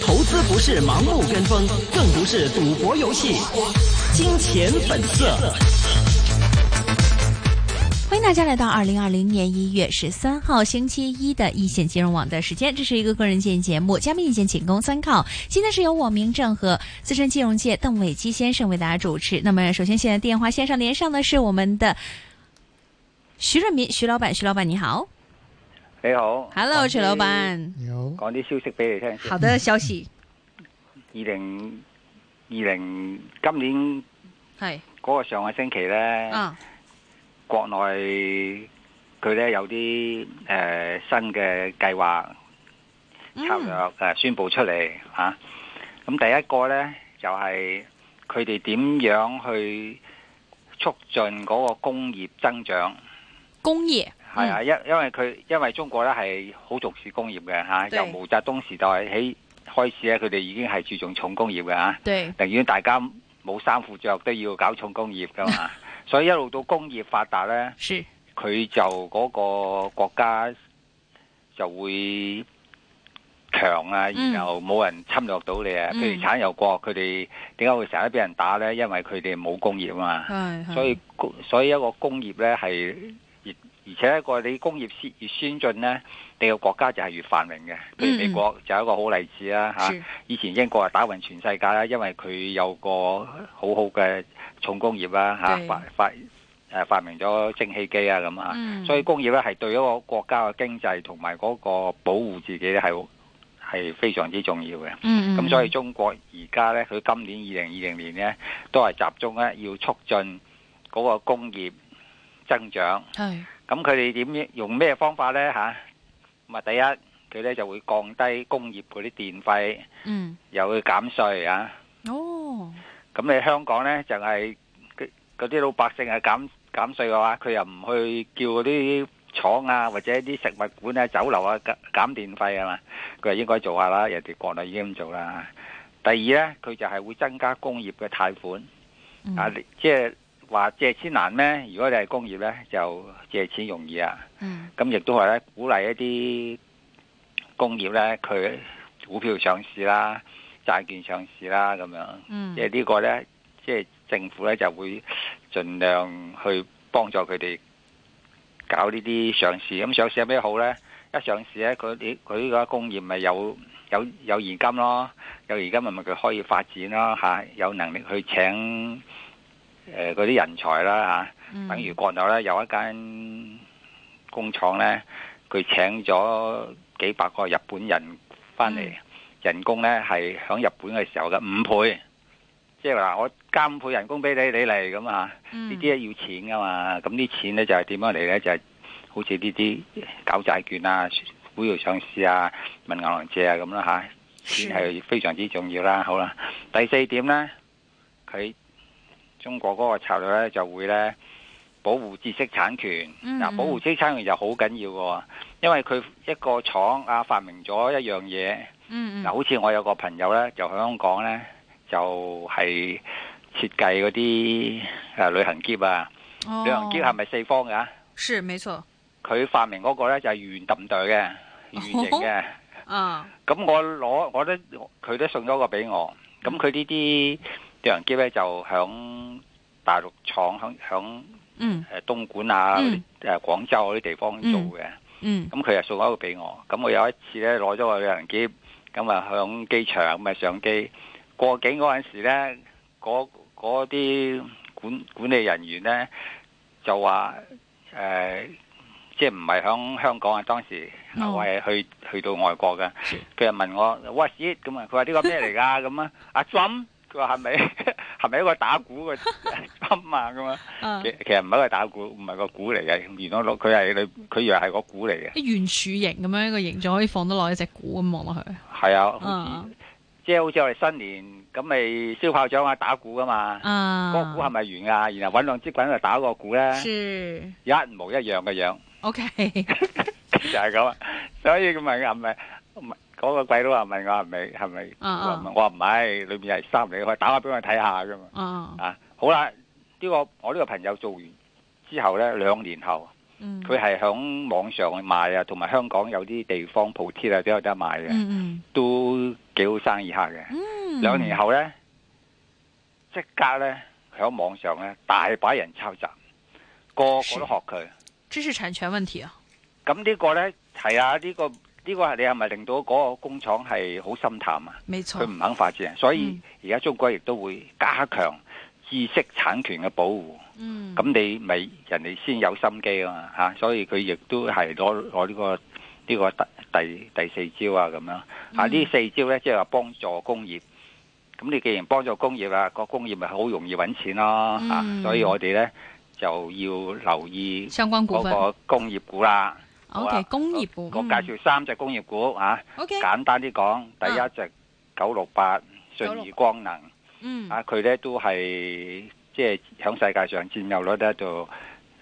投資不是盲目跟風，更不是賭博遊戲。金錢本色，歡迎大家來到二零二零年一月十三號星期一的一線金融網的時間。這是一個個人建議節目，嘉賓意見僅供參考。今天是由我名正和資深金融界鄧偉基先生為大家主持。那麼，首先現在電話線上連上的是我們的徐潤民，徐老闆，徐老闆你好。你好，Hello 徐老闆，你好，講啲消息俾你聽。好的消息，二零二零今年係嗰個上個星期咧，國內佢咧有啲誒新嘅計劃策略誒宣佈出嚟啊。咁第一個咧就係佢哋點樣去促進嗰個工業增長，工業。係啊，因因為佢因為中國咧，係好重視工業嘅吓，由毛澤東時代起開始咧，佢哋已經係注重重工業嘅吓。對，寧願大家冇衫褲着都要搞重工業噶嘛， 所以一路到工業發達咧，佢就嗰個國家就會強啊，然後冇人侵略到你啊、嗯。譬如產油國，佢哋點解會成日俾人打咧？因為佢哋冇工業啊嘛，是是，所以所以一個工業咧係。是而且一個你工業越先進呢，你個國家就係越繁榮嘅。譬如美國就有一個好例子啦嚇、嗯，以前英國係打橫全世界啦，因為佢有個好好嘅重工業啦嚇，發發誒發明咗蒸汽機啊咁啊，所以工業呢係對一個國家嘅經濟同埋嗰個保護自己咧係非常之重要嘅。咁、嗯、所以中國而家呢，佢今年二零二零年呢，都係集中咧要促進嗰個工業。增長，係咁佢哋點用咩方法咧吓？啊第一佢咧就會降低工業嗰啲電費，嗯，又會減稅啊。哦，咁你香港咧就係嗰啲老百姓係減減稅嘅話，佢又唔去叫嗰啲廠啊或者啲食物館啊、酒樓啊減減電費係嘛？佢應該做下啦，人哋國內已經咁做啦。第二咧，佢就係會增加工業嘅貸款、嗯、啊，即係。話借錢難呢，如果你係工業呢，就借錢容易啊。咁亦都係咧，鼓勵一啲工業呢，佢股票上市啦，債券上市啦，咁樣。即係呢個呢，即係政府呢，就會盡量去幫助佢哋搞呢啲上市。咁上市有咩好呢？一上市呢，佢佢呢個工業咪有有有現金咯，有現金咪咪佢可以發展咯，吓有能力去請。誒嗰啲人才啦嚇、嗯，等於國內咧，有一間工廠咧，佢請咗幾百個日本人翻嚟、嗯，人工咧係響日本嘅時候嘅五倍，即係話，我加五倍人工俾你，你嚟咁啊！呢啲係要錢噶嘛，咁啲錢咧就係點樣嚟咧？就係、是就是、好似呢啲搞債券啊、股票上市啊、問銀行借啊咁啦嚇，錢係、啊、非常之重要啦。好啦，第四點咧，佢。中國嗰個策略咧就會咧保護知識產權，嗱、嗯嗯、保護知識產權就好緊要嘅喎，因為佢一個廠啊發明咗一樣嘢，嗱、嗯嗯、好似我有個朋友咧就喺香港咧就係、是、設計嗰啲誒旅行喼啊，旅行喼係咪四方嘅？係，冇錯。佢發明嗰個咧就係、是、圓揼袋嘅，圓形嘅。啊、哦！咁我攞我都佢都送咗個俾我，咁佢呢啲。無人機咧就響大陸廠響響誒東莞啊誒廣州嗰啲地方做嘅，咁佢又送咗一個俾我，咁我有一次咧攞咗個無人機，咁啊響機場咁啊上機過境嗰陣時咧，嗰嗰啲管管理人員咧就話誒即係唔係響香港啊，當時係去去到外國嘅，佢又問我 What is？咁啊？佢話呢個咩嚟噶？咁啊阿 Sam。佢話係咪係咪一個打鼓嘅針啊？咁啊，其實唔係一個打鼓，唔係個鼓嚟嘅。原來佢係佢，佢以為係個鼓嚟嘅。圓柱形咁樣一個形狀，可以放得落一隻鼓咁望落去。係啊,啊，即係好似我哋新年咁，咪燒炮仗啊，打鼓噶嘛。啊，個鼓係咪圓啊？然後搵兩支棍去打個鼓咧，一模一樣嘅樣。OK， 就係咁，所以佢咪係咪唔係？唔係嗰、那個鬼佬話問我係咪係咪？是是 uh, uh. 我話唔係，裏面係衫嚟，我打開俾我睇下噶嘛。Uh, uh. 啊，好啦，呢、這個我呢個朋友做完之後咧，兩年後，佢係響網上去賣啊，同埋香港有啲地方鋪貼啊，都有得賣嘅、嗯嗯，都幾好生意下嘅。兩、嗯、年後咧，即刻咧響網上咧，大把人抄襲，個個都學佢。知識產權問題啊！咁呢個咧係啊，呢、這個。呢、這個係你係咪令到嗰個工廠係好心淡啊？佢唔肯發展，所以而家中國亦都會加強知識產權嘅保護。咁、嗯、你咪人哋先有心機啊嘛吓、啊，所以佢亦都係攞攞呢個呢、這個第第第四招啊咁樣吓。呢、啊嗯、四招呢即係話幫助工業。咁你既然幫助工業啦，個工業咪好容易揾錢咯吓、嗯啊，所以我哋呢就要留意嗰、那個工業股啦。好啊，okay，我介紹三隻工業股吓、嗯啊，簡單啲講，第一隻九六八信義光能，嗯，啊佢咧都係即係響世界上佔有率咧就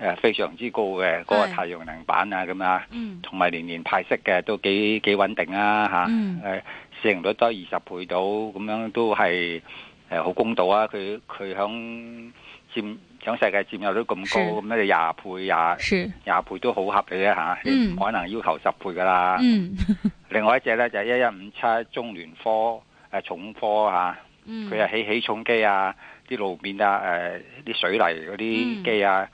誒非常之高嘅，嗰、那個太陽能板啊咁、嗯、啊，啊，啊，嗯，同埋年年派息嘅都幾幾穩定啊吓，誒市盈率都二十倍到，咁樣都係誒好公道啊，佢佢響佔。想世界佔有率咁高，咁咧廿倍廿廿倍都好合理啊、嗯、你唔可能要求十倍噶啦。嗯、 另外一隻咧就一一五七中聯科誒、呃、重科嚇，佢、啊、係、嗯、起起重機啊，啲路面啊誒啲、呃、水泥嗰啲機啊，誒、嗯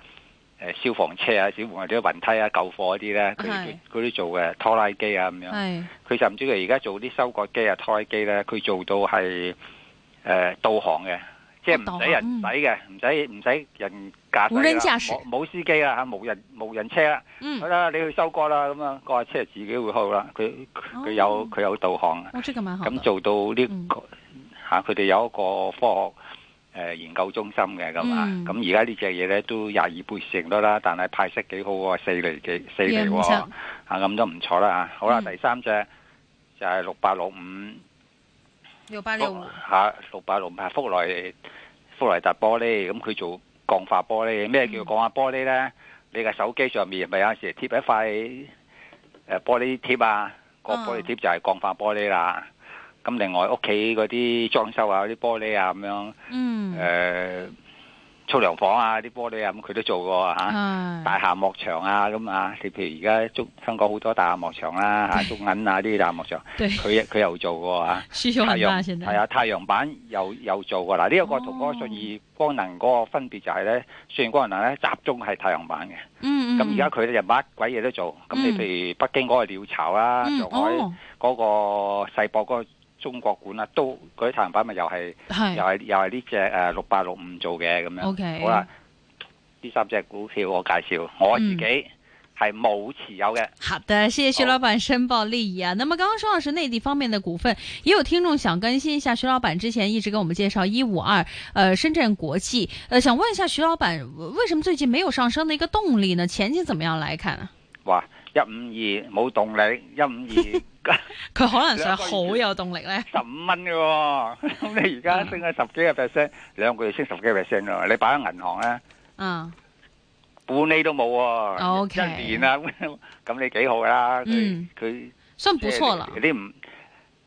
呃、消防車啊，消防或者雲梯啊，救火嗰啲咧，佢佢都做嘅拖拉機啊咁樣。佢甚至佢而家做啲收割機啊拖拉機咧，佢做到係誒、呃、導航嘅。即係唔使人使嘅，唔使唔使人駕駛冇司機啦吓，無人冇人,人車啦。好、嗯、啦，你去收割啦咁啊，嗰個車自己會開啦。佢佢有佢、哦、有導航。咁做到呢、呢個吓，佢、嗯、哋、啊、有一個科學誒、呃、研究中心嘅咁、嗯、啊。咁而家呢隻嘢咧都廿二倍成多啦，但係派息幾好、哦嗯、啊，四厘幾四厘，啊咁都唔錯啦。好啦，嗯、第三隻就係六八六五。六百六、啊、六吓六百六，吓、啊、福來福來特玻璃，咁、嗯、佢做鋼化玻璃。咩叫鋼化玻璃呢？嗯、你個手機上面咪有時貼一塊誒、呃、玻璃貼啊，個玻璃貼就係鋼化玻璃啦。咁另外屋企嗰啲裝修啊，啲玻璃啊咁樣，誒、嗯。呃沖涼房啊，啲玻璃啊咁佢都做過吓、啊，大廈幕牆啊咁啊，你譬如而家中香港好多大廈幕牆啦、啊，吓、啊，中銀啊啲大廈幕牆，佢佢又做過吓、啊，太陽系啊太陽板又又做噶嗱，呢、啊這個同嗰個信義光能嗰個分別就係咧，信義光能咧集中係太陽板嘅，咁而家佢哋就乜鬼嘢都做，咁你譬如北京嗰個鳥巢啦、啊，仲、嗯嗯嗯嗯、海嗰個世博嗰個。中國館啊，都嗰啲產品咪又係又係又係呢隻誒六八六五做嘅咁樣，okay. 好啦，呢三隻股票我介紹、嗯，我自己係冇持有嘅。好的，謝謝徐老闆申報利益啊。那麼剛剛說到是內地方面的股份，也有聽眾想更新一下。徐老闆之前一直跟我們介紹一五二，呃深圳國際，呃想問一下徐老闆、呃，為什麼最近沒有上升的一個動力呢？前景怎麼樣來看啊？哇！一五二冇動力，一五二佢可能上好有動力咧，十五蚊嘅，咁你而家升咗十幾個 percent，兩個月升十幾個 percent 啦，你擺喺銀行咧，嗯，半厘都冇喎，一年啊，咁你幾好啦，佢佢算不錯啦，啲唔，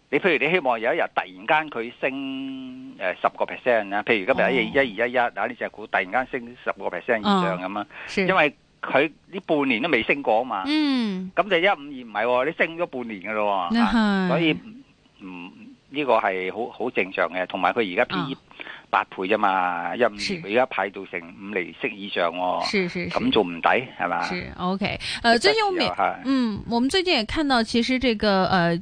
你譬如你希望有一日突然間佢升誒十個 percent 啊，譬如今日一二一一啊呢隻股突然間升十個 percent 以上咁啊，因為。佢呢半年都未升過啊嘛，咁、嗯、就一五二唔係，你升咗半年噶咯、嗯，所以唔呢、嗯這個係好好正常嘅。同埋佢而家 PE 八倍啫、啊、嘛，一五二佢而家派到成五厘息以上，咁仲唔抵係嘛？O K，呃，最近我嗯，嗯，我們最近也看到，其實這個呃。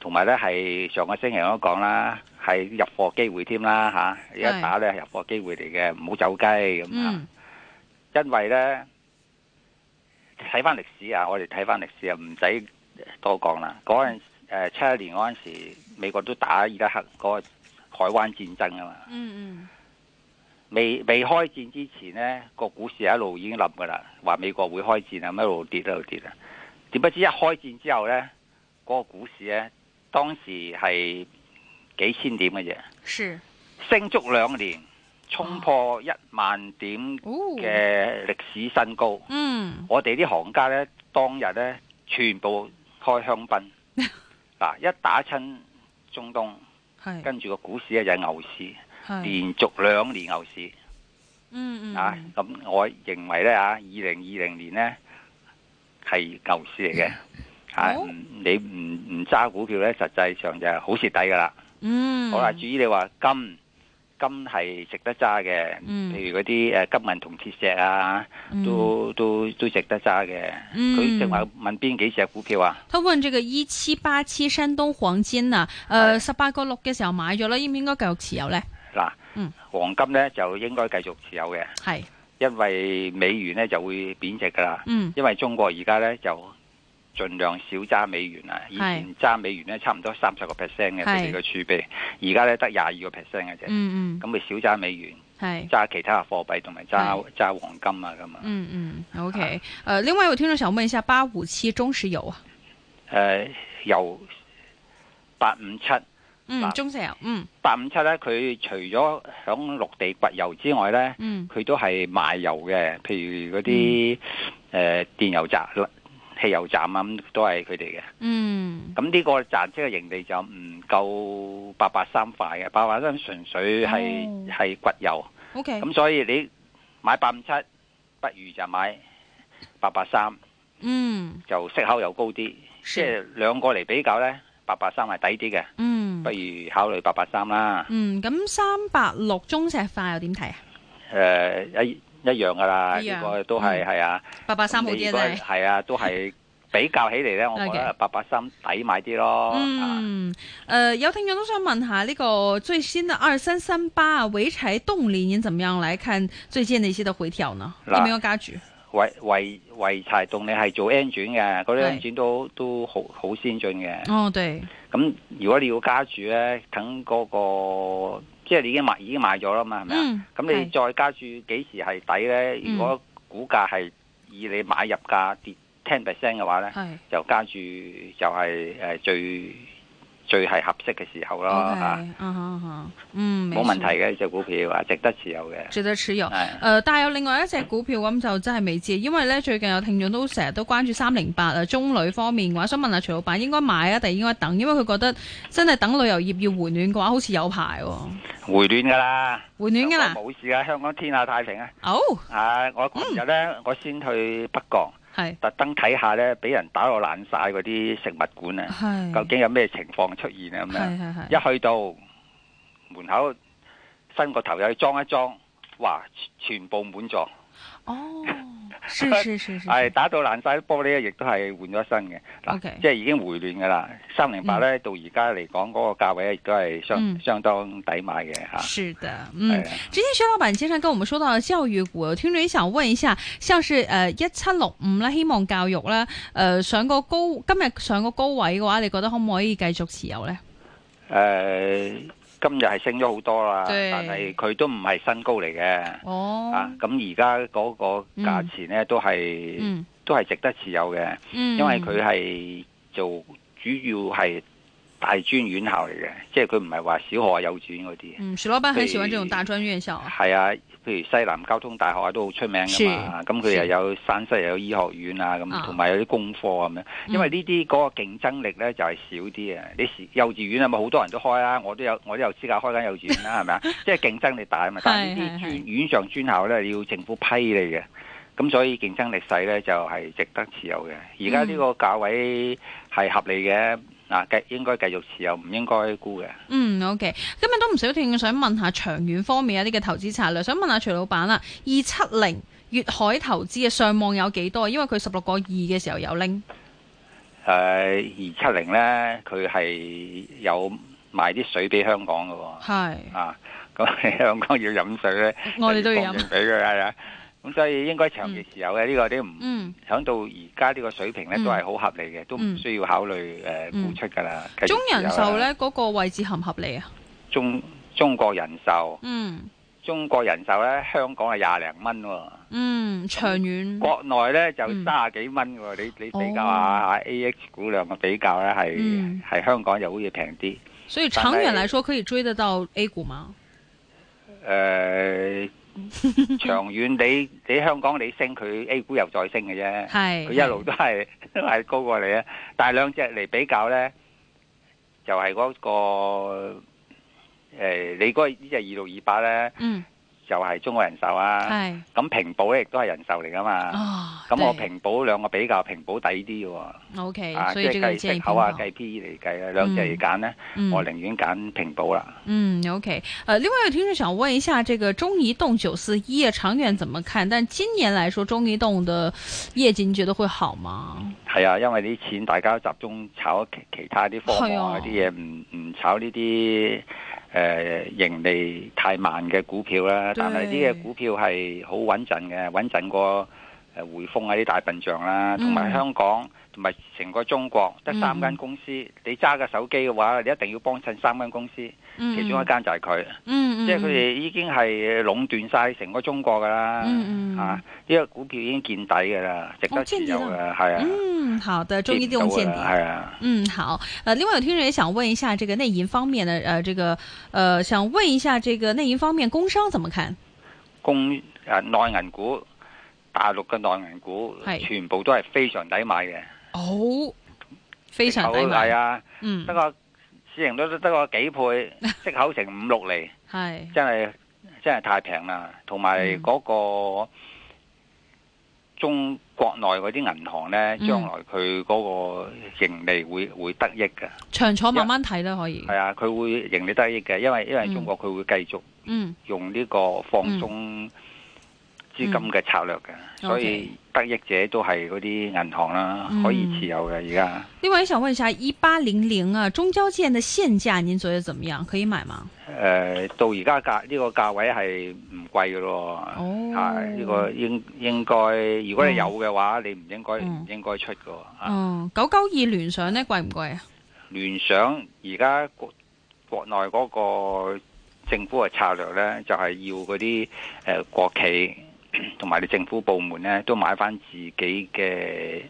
同埋咧，係上個星期我都講啦，係入貨機會添啦，吓而家打咧係入貨機會嚟嘅，唔好走雞咁、嗯、因為咧睇翻歷史啊，我哋睇翻歷史啊，唔使多講啦。嗰陣誒七一年嗰陣時，美國都打伊拉克嗰個海灣戰爭啊嘛。嗯嗯。未未開戰之前呢個股市一路已經冧噶啦，話美國會開戰啊，一路跌一路跌啊。點不知一開戰之後咧，嗰、那個股市咧～當時係幾千點嘅嘢，是升足兩年，衝破一萬點嘅歷史新高。哦、嗯，我哋啲行家咧，當日呢全部開香檳，嗱、 啊、一打親中東，跟住個股市咧就係牛市，連續兩年牛市。嗯嗯，啊咁我認為呢，啊，二零二零年呢係牛市嚟嘅。 係、啊，oh? 你唔唔揸股票咧，實際上就係好蝕底噶啦。嗯，好啦，至於你話金金係值得揸嘅，譬、mm. 如嗰啲誒金銀銅鐵石啊，都、mm. 都都，都值得揸嘅。佢淨話問邊幾隻股票啊？佢問這個一七八七、山東黃金啊，誒、呃，十八個六嘅時候買咗啦，應唔應該繼續持有咧？嗱、嗯，黃金咧就應該繼續持有嘅，係，因為美元咧就會貶值噶啦，嗯、mm.，因為中國而家咧就。盡量少揸美元啊！以前揸美元咧，差唔多三十個 percent 嘅佢哋嘅儲備，現在而家咧得廿二個 percent 嘅啫。嗯嗯，咁咪少揸美元，係揸其他貨幣同埋揸揸黃金啊咁啊。嗯嗯，OK、啊。誒，另外有聽眾想問一下八五七中石油啊。誒、呃，油八五七。嗯，中石油。嗯，八五七咧，佢除咗響陸地掘油之外咧，佢、嗯、都係賣油嘅，譬如嗰啲誒電油站。汽油站啊，都係佢哋嘅。嗯。咁呢個站即係盈地就唔夠八八三塊嘅，八八三純粹係係骨油。OK。咁所以你買八五七不如就買八八三。嗯。就息口又高啲，即係兩個嚟比較咧，八八三係低啲嘅。嗯。不如考慮八八三啦。嗯。咁三八六中石化又點睇、呃、啊？誒，一。一樣噶啦，如果都係係啊，八百三好啲係啊，都係比較起嚟咧， 我覺得八百三抵買啲咯。Okay. 嗯，誒、啊呃，有聽眾都想問一下呢、這個最新的二三三八濰柴動力，您怎麼樣來看最近那些的回調呢？有冇加住？濰濰濰柴動力係做 engine 嘅，嗰啲 engine 都都，都好好先進嘅。哦，對。咁、嗯、如果你要加住咧，等嗰、那個。即係你已經買，已經買咗啦嘛，係咪啊？咁、嗯、你再加住幾時係抵咧、嗯？如果股價係以你買入價跌 ten percent 嘅話咧，就加住就係誒最。最係合適嘅時候咯嚇，嗯、okay, 冇、uh -huh, uh -huh. mm, 問題嘅呢隻股票啊，值得持有嘅，值得持有。誒、呃，但係有另外一隻股票咁、嗯、就真係未知，因為呢最近有聽眾都成日都關注三零八啊，中旅方面嘅話，想問下徐老闆應該買啊，定應該等？因為佢覺得真係等旅遊業要回暖嘅話，好似有排喎、啊。回暖㗎啦，回暖㗎啦，冇事啊，香港天下太平、oh, 啊。哦，係，我今日呢、嗯，我先去北角。特登睇下呢，俾人打到爛曬嗰啲食物館啊，究竟有咩情況出現啊？咁樣是是是一去到門口，伸個頭又去裝一裝，哇，全部滿座。哦。 是是是，是，是、哎，係打到爛晒玻璃換，亦都係換咗新嘅。嗱、okay，即係已經回暖噶啦。三零八咧，到而家嚟講嗰個價位咧，亦都係相相當抵買嘅吓、啊嗯。是的，嗯。之前薛老闆經常跟我們說到教育股，我聽眾也想問一下，像是誒一七六五咧，希望教育咧，誒、呃、上個高今日上個高位嘅話，你覺得可唔可以繼續持有咧？誒、呃。今日係升咗好多啦，但係佢都唔係新高嚟嘅、哦，啊，咁而家嗰個價錢呢，都係、嗯、都係值得持有嘅、嗯，因為佢係做主要係大專院校嚟嘅，即係佢唔係話小學啊、幼稚園嗰啲。徐老闆很喜歡這種大專院校啊。係啊。譬如西南交通大學啊，都好出名㗎嘛。咁佢又有山西又有醫學院還啊，咁同埋有啲工科咁樣。因為呢啲嗰個競爭力咧就係、是、少啲啊、嗯。你幼稚園啊，咪好多人都開啦，我都有我都有資格開間幼稚園啦，係咪啊？即係競爭力大啊嘛。 但係呢啲院上專校咧要政府批你嘅，咁所以競爭力細咧就係、是、值得持有嘅。而家呢個價位係合理嘅。嗯嗱，繼應該繼續持有，唔應該沽嘅。嗯，okay，今日都唔少聽，想問一下長遠方面有啲嘅投資策略。想問下徐老闆啦，二七零粵海投資嘅上望有幾多？因為佢十六個二嘅時候有拎。誒，二七零咧，佢係有賣啲水俾香港嘅喎。係。啊，咁香港要飲水咧，我哋都要飲水。俾佢啦。咁所以應該長期持有嘅呢、嗯呢個啲唔響到而家呢個水平咧、嗯，都係好合理嘅，都唔需要考慮誒、呃、付出噶啦、嗯。中人壽咧嗰個位置合唔合理啊？中中國人壽，嗯，中國人壽咧，香港係廿零蚊喎。嗯，長遠。國內咧就三十幾蚊喎，你你比較下 A H 股量嘅比較咧、啊，係係、嗯、香港就好似平啲。所以長遠嚟說，可以追得到 A 股嗎？誒。呃 長遠你你香港你升，佢 A 股又再升嘅啫，佢一路都係都係高過你啊！但係兩隻嚟比較咧，就係、是、嗰、嗰個誒、欸，你嗰隻二六二八咧。嗯就係、是、中國人壽啊，咁平保咧亦都係人壽嚟㗎嘛，咁、哦、我平保兩個比較，平保抵啲嘅喎。O、okay, K，啊、所以個計息好啊，計 P E 嚟計啊，兩隻嚟揀咧，我寧願揀平保啦。嗯，O K，誒，另外有聽眾想問一下，這個中移動九四一嘅長遠怎麼看？但今年來說，中移動嘅業績，你覺得會好嗎？係啊，因為啲錢大家都集中炒其其他啲方法啲嘢，唔唔炒呢啲。誒、呃，盈利太慢嘅股票啦，但係呢個股票係好穩陣嘅，穩陣過誒匯豐啲大笨象啦，同、嗯、埋香港，同埋成個中國得三間公司，嗯、你揸個手機嘅話，你一定要幫襯三間公司、嗯，其中一間就係佢、嗯嗯，即係佢哋已經係壟斷晒成個中國噶啦、嗯嗯，啊，呢、這個股票已經見底噶啦，值得持有噶，係啊。嗯嗯，好的，中醫用見底。嗯，好。呃，另外有聽眾也想問一下，這個內銀方面呢？呃，這個，呃，想問一下，這個內銀方面，工商怎麼看？工，誒、呃，內銀股，大陸嘅內銀股，是全部都係非常抵買嘅。哦，非常抵買啊！嗯，不過市盈率都得個幾倍，息口成五六厘，係 真係真係太平啦。同埋嗰個。嗯中國內嗰啲銀行咧，將來佢嗰個盈利會、嗯、會得益嘅，長坐慢慢睇啦，可以。係啊，佢會盈利得益嘅，因為、嗯、因為中國佢會繼續嗯用呢個放鬆，嗯嗯資金嘅策略嘅、嗯，所以得益者都係嗰啲銀行啦、嗯，可以持有嘅而家。呢位想問一下，一八零零啊，中交建嘅現價，您覺得怎麼樣？可以買嗎？誒、呃，到而家價呢個價位係唔貴咯，係、哦、呢、啊，這個應應該，如果你有嘅話，嗯、你唔應該唔、嗯、應該出嘅。哦、啊嗯，九九二聯想呢，貴唔貴啊？聯想而家國國內嗰個政府嘅策略呢，就係、是、要嗰啲誒國企。同埋你政府部門咧都買翻自己嘅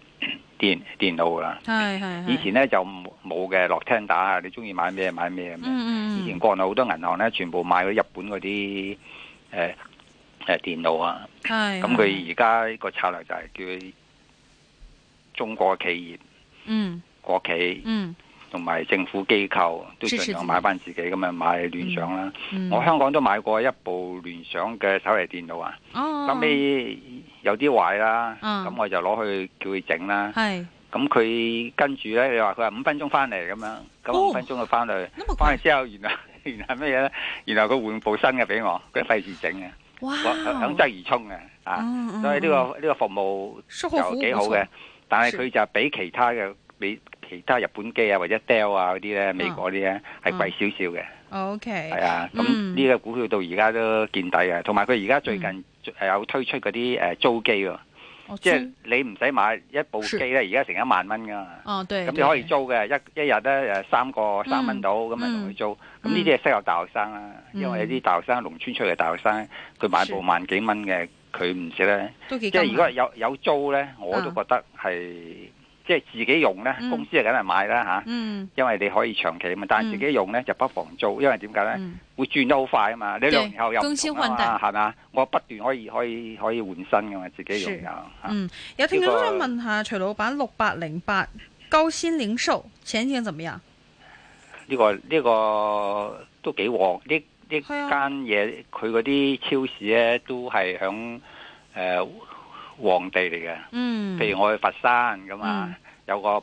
電電腦啦，係係。以前咧就冇嘅落 tender，你中意買咩買咩啊嘛。嗯嗯以前國內好多銀行咧，全部買咗日本嗰啲誒誒電腦啊。係。咁佢而家個策略就係叫中國企業，嗯，國企，嗯，嗯。同埋政府機構都盡量買翻自己咁樣買聯想啦、嗯嗯。我香港都買過一部聯想嘅手提電腦啊，後尾有啲壞啦，咁、啊、我就攞去叫佢整啦。咁佢、嗯嗯、跟住咧，你話佢話五分鐘翻嚟咁樣，咁五分鐘就翻嚟。翻、哦、嚟之後，原來原來係咩嘢咧？原來佢換部新嘅俾我，佢費事整嘅。哇！兩則而沖嘅、嗯、啊、嗯，所以呢、這個呢、嗯這個服務就幾好嘅。但係佢就比其他嘅比。其他日本機啊，或者 Dell 啊嗰啲咧，美國啲咧係貴少少嘅。OK、um。係啊，咁呢個股票到而家都見底嘅、啊。同埋佢而家最近誒有推出嗰啲誒租機喎、啊哦，即係你唔使買一部機咧，而家成一萬蚊噶嘛。哦、啊，對。咁你可以租嘅，一一日咧誒三個三蚊到，咁啊同佢租。咁呢啲係適合大學生啦、啊嗯，因為有啲大學生農村出嚟大學生，佢、嗯、買一部一萬幾蚊嘅，佢唔捨咧。即係如果有有租咧，我都覺得係。啊即係自己用咧，公司係梗係買啦吓、嗯，因為你可以長期啊嘛、嗯。但係自己用咧，就不妨租，因為點解咧？會轉得好快啊嘛，你兩年後又換啊嘛，係嘛？我不斷可以可以可以換新噶嘛，自己用又、啊、嗯。有聽眾想問下、這個、徐老闆，六百零八高鑫零售前景怎麼樣？呢、這個呢、這個都幾旺，呢呢間嘢佢嗰啲超市咧都係響誒。呃皇帝嚟嘅，譬如我去佛山咁啊、嗯，有個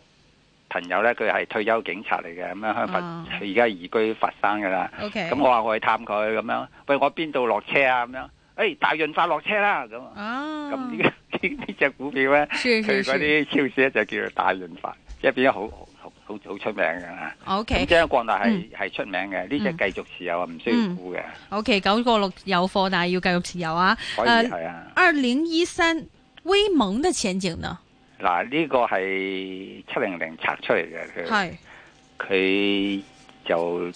朋友咧，佢係退休警察嚟嘅，咁樣喺佛而家、啊、移居佛山噶啦。咁、okay, 我話我去探佢咁樣，喂我邊度落車啊？咁樣，誒、欸、大潤發落車啦。咁，咁、啊這個、呢呢隻股票咧，佢嗰啲超市咧就叫做大潤發，即、嗯、係變咗好好好出名嘅 OK，即係國內係係出名嘅，呢隻繼續持有啊，唔需要沽嘅。O K 九個六有貨，但係要繼續持有啊。可以係、uh, 啊。二零一三。威猛嘅前景呢？嗱、這個，呢個係七零零拆出嚟嘅佢。就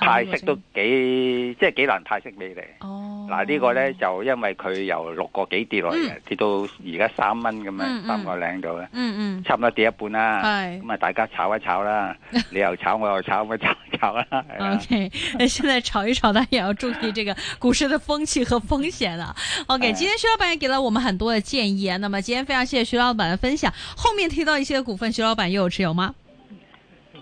太息都幾、嗯、即係幾難泰息你哋。哦，嗱呢個咧、嗯、就因為佢由六個幾跌落嚟跌到而家三蚊咁樣，三個零度啊，嗯嗯，差唔多跌一半啦。係、嗯，咁啊大家炒一炒啦，你又炒 我又炒，咪炒一炒啦。 啊、o、okay, K， 現在炒一炒，大家也要注意這個股市的風氣和風險啦。O、okay, K，啊、今天徐老闆也給了我們很多的建議啊。那麼今天非常謝謝徐老闆的分享。後面提到一些股份，徐老闆又有持有嗎？